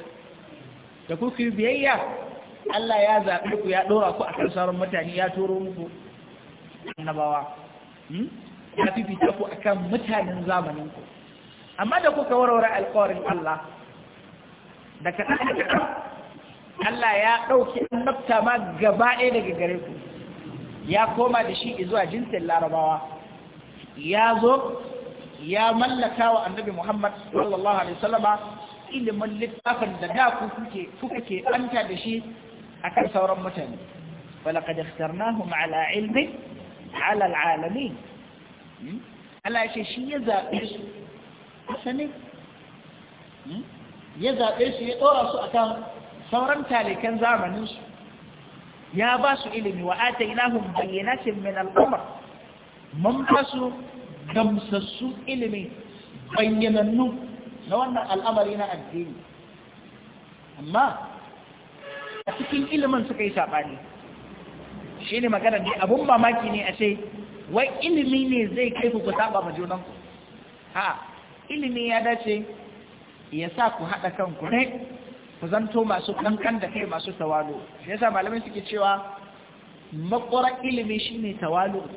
da kuka yi biyayya Allah ya zaɓe ku ya ɗora ku a kan sauran mutane ya turo muku annabawa hmm? ya fifita ku a kan mutanen zamaninku amma da kuka warware alkawarin Allah da kaɗan Allah ya ɗauki annabta ma gaba ɗaya daga gare ku ya koma da shi zuwa jinsin larabawa ya zo ya mallaka wa annabi Muhammad sallallahu alaihi wasallama ilimin littafin da da ku kuke kuka ke anta da shi akan sauran mutane walaqad ikhtarnahum ala ilmi ala alalamin hmm? Allah shi shi ya zaɓe su sani hmm? ya zaɓe su ya ɗora su akan sauran talikan zamanin su ya ba su ilimi wa atainahum bayyinatin min al-amr mun ba su gamsassun ilimi bayyanannu na wannan al'amari na addini amma a cikin ilimin suka yi saɓani shi ne magana ne abun mamaki ne a ce wai ilimi ne zai kai ku saɓa ma junanku ha ilimi ya dace ya sa ku haɗa kanku ne ku zanto masu kankan da kai masu tawalo shi sa malamai suke cewa makwarar ilimi shi ne tawalo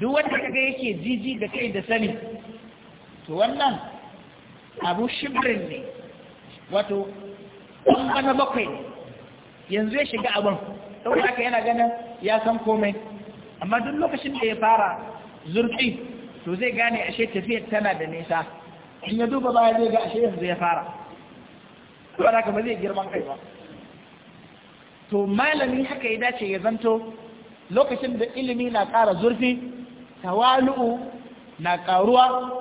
duk wanda kaga yake jiji da kai da sani to wannan abu shibirin ne wato ɓangana bakwai yanzu ya shiga abin saboda haka yana ganin ya san komai amma duk lokacin da ya fara zurfi to zai gane ashe tafiyar tana da nisa in ya duba baya zai ga ashe yanzu ya fara saboda haka ba zai girman kai ba to malami haka ya dace ya zanto lokacin da ilimi na ƙara zurfi tawalu'u na ƙaruwa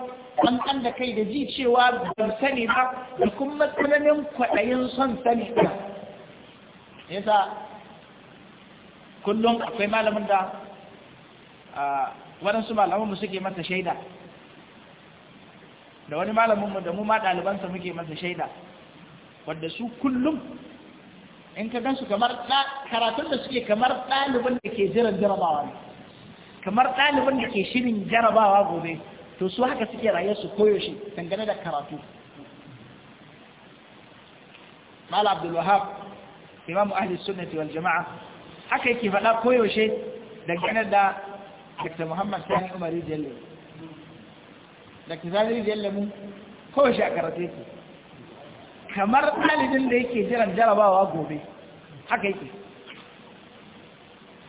an da kai da ji cewa ban sani ba da kuma matsalolin kwaɗayin son sani ba yasa kullum akwai malamin da waɗansu malamanmu suke mata shaida da wani malaminmu da mu ma ɗalibansa muke mata shaida wadda su kullum in ka gansu kamar karatun da suke kamar ɗalibin da ke jiran jarabawa ne kamar ɗalibin da ke shirin jarabawa gobe to su haka suke rayuwar su koyaushe dangane da karatu mal abdul wahab imamu ahli sunnati wal jama'a haka yake faɗa koyaushe dangane da dr muhammad sani umar jallo dr sani jallo mu koyaushe a karatu yake kamar ɗalibin da yake jiran jarabawa gobe haka yake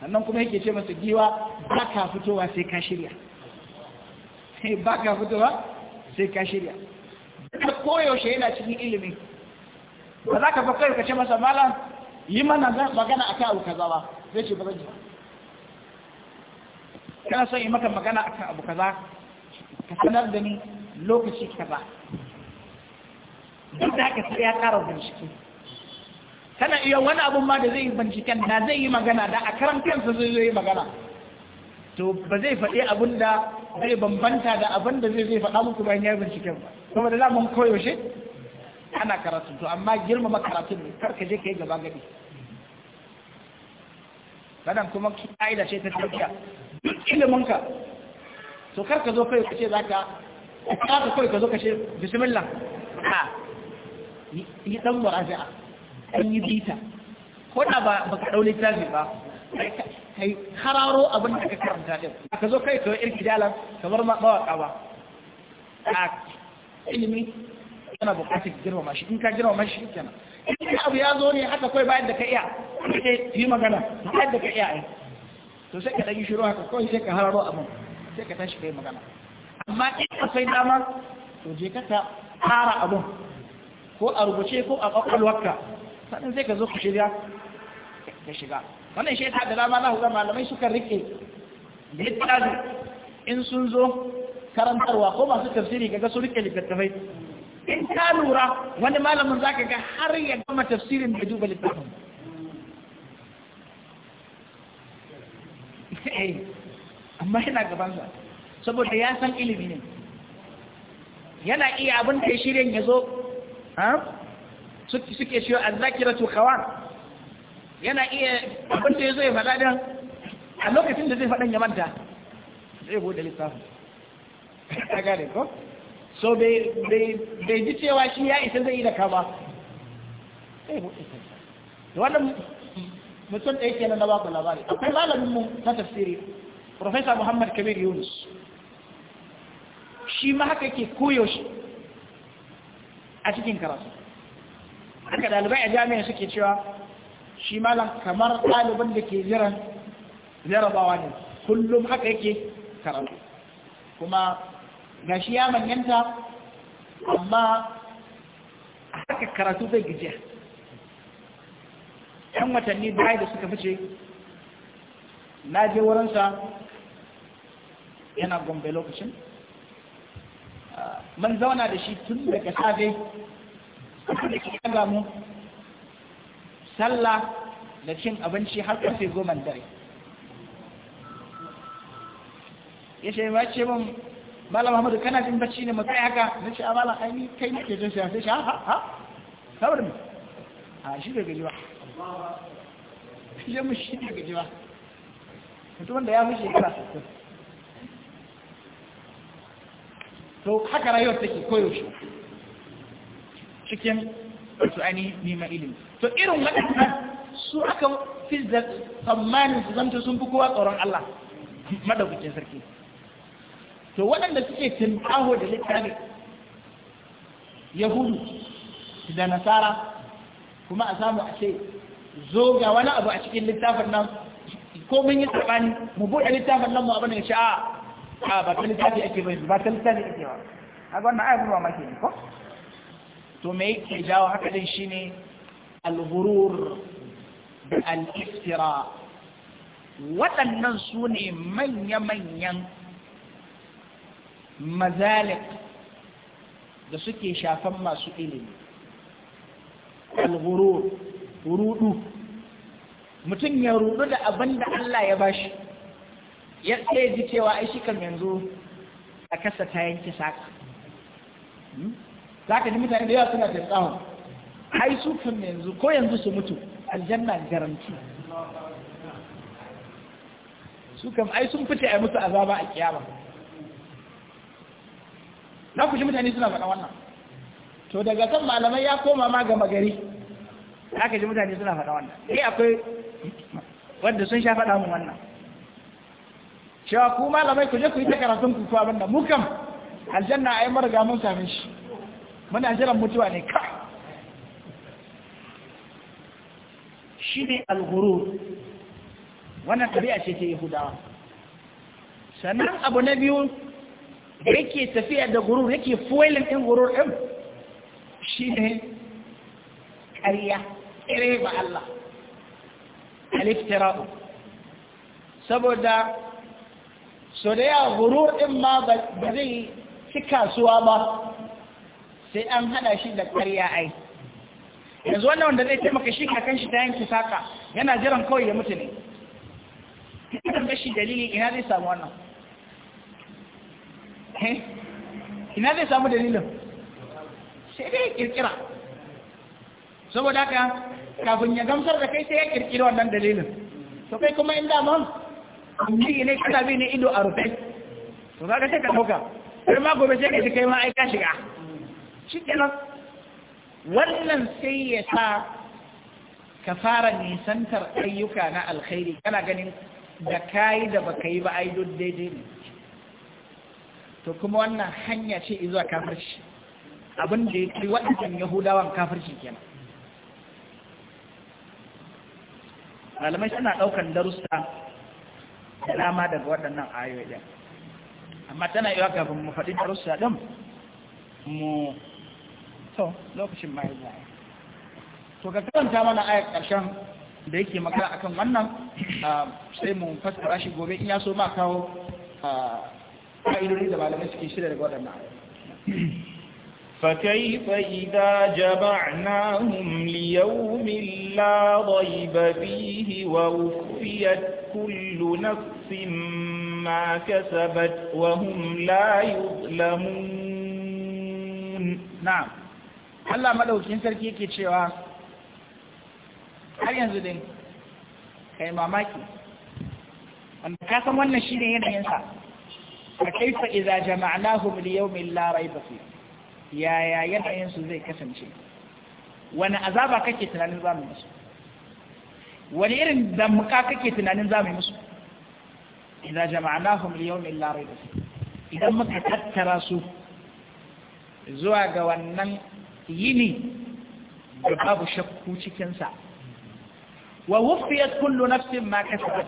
sannan kuma yake ce masa giwa ba ka fitowa sai ka shirya ba ka fitowa sai ka shirya da koyaushe yana cikin ilimi ba za ka fakar ka ce masa malam yi mana magana a kan abu kaza ba zai ce ba zan yi ba kana son yi maka magana akan abu kaza ka sanar da ni lokaci kaza duk da haka sai ya kara bincike tana iya wani abun ma da zai yi binciken da zai yi magana da a karan kansa zai yi magana to ba zai faɗi abun da zai bambanta da abin da zai zai faɗa muku bayan ya binciken ba kuma da zamu koyaushe ana karatu to amma girmama karatu ne kar ka je ka yi gaba gadi sanan kuma ka'ida ce ta tafiya duk iliminka to kar ka zo kai ka ce za ka ka kai ka zo ka ce bismillah ha yi dan muraja'a an yi bita ko da ba ka ɗau tafi ba kai hararo abin da ka karanta din ka zo kai kawai irki dalan kamar ma mawaka ba a ilimi yana bukatar girmama shi in ka girmama shi kenan in abu ya zo ne haka kai bayan da ka iya sai yi magana bayan da ka iya ai to sai ka dage shiru haka kawai sai ka hararo abin sai ka tashi kai magana amma in ka sai dama to je ka ta fara abin ko a rubuce ko a kwakwalwarka sannan sai ka zo ku shirya ka shiga wannan shi yasa da dama za ku ga malamai suka rike littafi in sun zo karantarwa ko masu tafsiri kaga su rike littattafai in ka lura wani malamin zaka ga har ya gama tafsirin da duba littafin eh, amma yana sa saboda ya san ilimi ne yana iya abin da ya shirin ya zo suke shiyo a zakiratu kawan yana iya abin da ya zo ya faɗa dan a lokacin da zai faɗa ya manta zai bude lissafin a gane ko so bai ji cewa shi ya isa zai yi da kama sai buɗe da wannan mutum ɗaya kenan na baku labari akwai malamin mu na tafsiri Profesa Muhammad Kabir Yunus shi ma haka ke koyaushe a cikin karatu haka ɗalibai a jami'a suke cewa shi malam kamar ɗaliban da ke jiran jarabawa ne kullum haka yake karatu kuma ga shi ya manyanta amma haka karatu zai gajiya ‘yan watanni bayan da suka fice na je wurinsa yana gombe lokacin ah, man zauna da shi tun daga safe da ke gamu sallah da cin abinci har fi goma dare ya ce ba ce min malam hamadu kana jin bacci ne matsayi haka na ce a ah, malam aini kai nake jin siya sai shi ha ha ha mu a shi da gajiwa ya mushi shi da gajiwa mutumin da ya fi kira sassan to haka rayuwar take koyaushe cikin wato ainihin neman ilimi to irin waɗannan su aka fi tsammanin su zanta sun fi kowa tsoron Allah madaukakin sarki to waɗanda suke aho da littafi yahudu da nasara kuma a samu a ce zo ga wani abu a cikin littafin nan ko mun yi tsabani mu buɗe littafin nan mu abin da sha'a a ba ta littafi ake bai ba ta littafi ake ba a wannan ayyukan ma ke ko to me yake jawo haka din shine al-ghurur al-iftira waɗannan su ne manya-manyan mazalik da suke shafan masu ilimi al-ghurur rudu mutum ya rudu da abin da Allah ya bashi ya tsaye ji cewa ai shi kan yanzu a kasa ta yanke saka hmm? zaka ji mutane da yawa suna da tsawon ai su kan yanzu ko yanzu su mutu aljanna garanti su kan ai sun fice ai musu azaba a kiyama na ku ji mutane suna faɗa wannan to daga kan malamai ya koma ma gama gari zaka ji mutane suna faɗa wannan eh akwai wanda sun sha faɗa mu wannan cewa ku malamai ku je ku yi ta karatun ku kuwa banda mu kam aljanna ai marga mun same shi muna jiran mutuwa ne ka shi ne alghurur wannan ɗabi'a ce ta yahudawa sannan abu na biyu da yake tafiya da gurur yake foilin ɗin gurur ɗin shi ne ƙarya ƙere ba Allah aliftira'u saboda so da yawa gurur ɗin ma ba zai ci kasuwa ba sai an hada shi da ƙarya ai yanzu wannan wanda zai taimaka shi kakan shi ta yanki saka yana jiran kawai ya mutu ne kan gashi dalili ina zai samu wannan eh, ina zai samu dalilin sai dai kirkira saboda haka kafin ya gamsar da kai sai ya kirkira wannan dalilin to kai kuma inda man ji ne kana bi ne ido a rufe to ka sai ka dauka sai ma gobe sai ka kai ma aika shiga shi kenan wannan sai ya sa ka fara nisantar ayyuka na alkhairi kana ganin da kayi da baka yi ba ai daidai ne to kuma wannan hanya ce zuwa kafirci abin da ya kai waɗancan yahudawan kafirci kenan malamai suna ɗaukar darussa da dama daga waɗannan ayoyi amma tana yi wa kafin mu faɗi darussa ɗin mu to lokacin ma ya to ga karanta mana ayat karshen da yake magana akan wannan ah, sai mu fassara shi gobe in ya so ma kawo ah, fa'idodi da malamai suke shirya daga waɗannan فكيف إذا جمعناهم ليوم لا ريب فيه ووفيت كل نفس ما كسبت وهم لا يظلمون نعم Allah madaukin sarki yake cewa har yanzu din kai mamaki an ka san wannan shi ne yanayinsa a kaifa idza jama'nahum li yawmin la rayba fi yaya yanayin su zai kasance wani azaba kake tunanin za mu musu wani irin damuka kake tunanin za mu musu iza jama'nahum li yawmin la rayba fi idan muka tattara su zuwa ga wannan yini da babu shakku cikinsa wa wufiyat kullu nafsin ma kasabat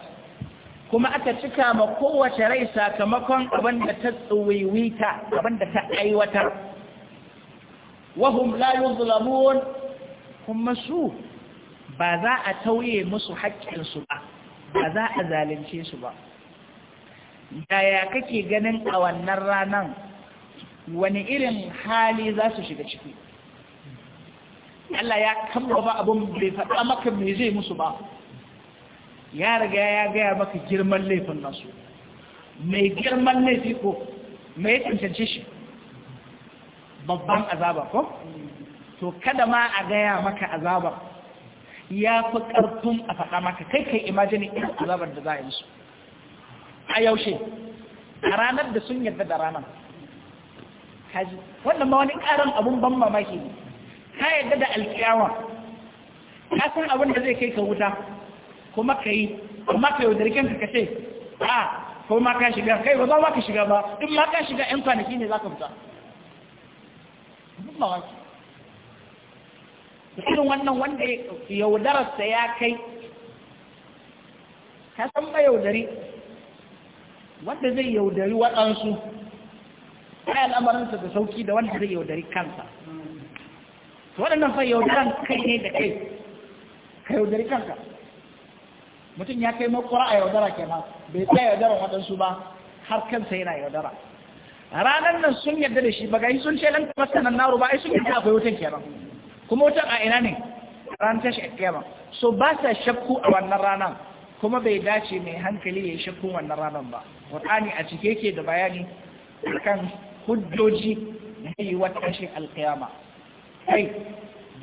kuma aka cika ma kowace rai sakamakon abin da ta tsuwiwita abin da ta aiwatar wahum la yuzlamun kuma su ba za a tauye musu haƙƙinsu ba ba za a zalunce su ba yaya kake ganin a wannan ranan wani irin hali za su shiga ciki Allah ya kammala abin bai faɗa maka mai zai musu ba ya riga ya gaya maka girman laifin nasu mai girman laifi ko mai tantance shi babban azaba ko to kada ma a gaya maka azaba ya fi ƙarfin a faɗa maka kai kai imajini irin azabar da za a yi su a yaushe a ranar da sun yarda da ranar wannan ma wani ƙarin abun ban mamaki ne ka yadda da alkiyawa ka san abin da zai kai ka wuta kuma ka yi kuma ka yaudar kanka ka ce a ko ma ka shiga kai ba za ka shiga ba in ma ka shiga yan kwanaki ne za ka fita irin wannan wanda yaudararsa ya kai ka san ba yaudari wanda zai yaudari waɗansu ai al'amarinsa da sauki da wanda zai yaudari kansa waɗannan fa yaudaran kai ne da kai ka yaudari kanka mutum ya kai makwara a yaudara kenan bai tsaya yaudaran waɗansu ba har kansa yana yaudara ranar nan sun yarda da shi bagai sun ce lan kamar nan naro ba ai sun yadda akwai wutan kenan kuma wutan a ina ne ran tashi kiyama so ba sa shakku a wannan ranar kuma bai dace mai hankali ya yi shakku wannan ranar ba Al-ƙur'ani a cike yake da bayani kan hujjoji na yi wata shi alkiyama kai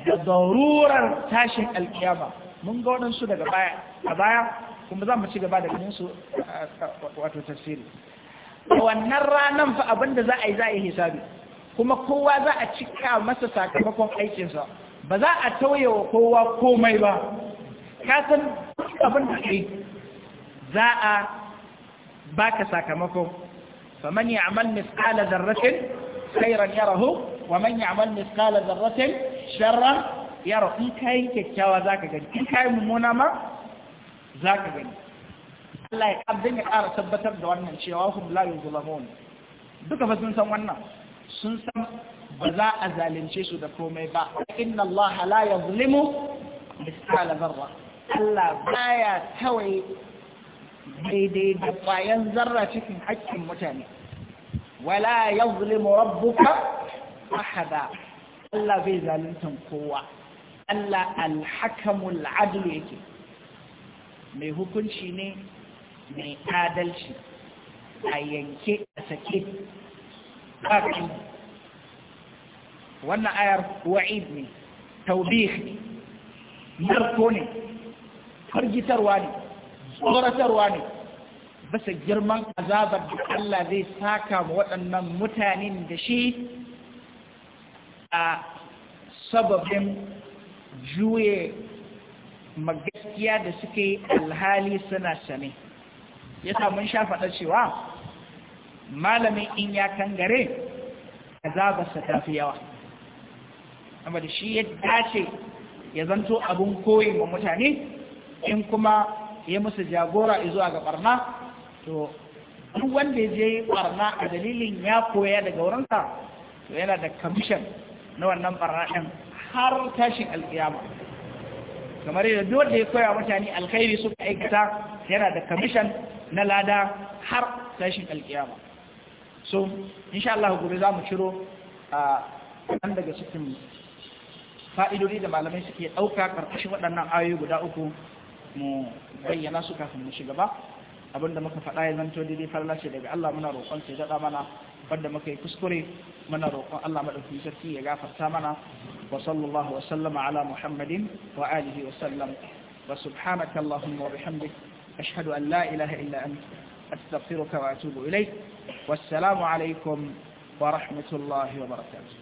da zarurar tashin alkiyama mun ga waɗansu daga baya a baya kuma za mu ci gaba da ganin su wato tafsiri a wannan ranar fa abinda za a yi za a yi hisabi kuma kowa za a cika masa sakamakon aikinsa ba za a tauye wa kowa komai ba ka san abin da kai za a baka sakamakon faman ya'mal misqala dharratin khairan yarahu wa manya ya'mal mithqala dharratin sharran Yaro in kai kyakkyawa ka gani in kai mummuna ma ka gani Allah ya abin ya ƙara tabbatar da wannan cewa hum la yuzlamun duka fa sun san wannan sun san ba za a zalunce su da komai ba inna Allah la yuzlimu mithqala zarra. Allah baya tawai daidai da bayan zarra cikin haƙƙin mutane wala yazlimu rabbuka ahada Allah bai zaluntar kowa Allah alhakamul adl yake mai hukunci ne mai adalci a yanke a sake ƙarfi wannan ayar wa'id ne taubih ne narko ne fargitarwa ne tsoratarwa ne bisa girman azabar da Allah zai saka wa waɗannan mutanen da shi a sababin juye magaskiya da suke alhali suna sane ya samun shafaɗa cewa malamin in ya kangare ba ta tafi yawa amma da shi ya dace ya zanto abin koyi wa mutane in kuma ya musu jagora zuwa ga barna to duk wanda ya je barna a dalilin ya koya daga wurinsa to yana da kamishin na wannan barna har tashin alƙiyama kamar yadda duk da ya koya mutane alkhairi suka aikata yana da kamishan na lada har tashin alƙiyama so insha Allah gobe za mu ciro a ɗan daga cikin fa'idodi da malamai suke ɗauka ƙarƙashin waɗannan ayoyi guda uku mu bayyana su kafin mu shiga ba abinda muka faɗa ya zanto daidai farla ce daga Allah muna roƙon sai daɗa mana wanda muka yi kuskure muna roƙon Allah maɗauki sarki ya gafarta mana wa sallallahu wa sallama ala muhammadin wa alihi wa sallam wa subhanaka allahumma wa bihamdik ashhadu an la ilaha illa anta astaghfiruka wa atubu ilayk wassalamu alaikum wa rahmatullahi wa barakatuh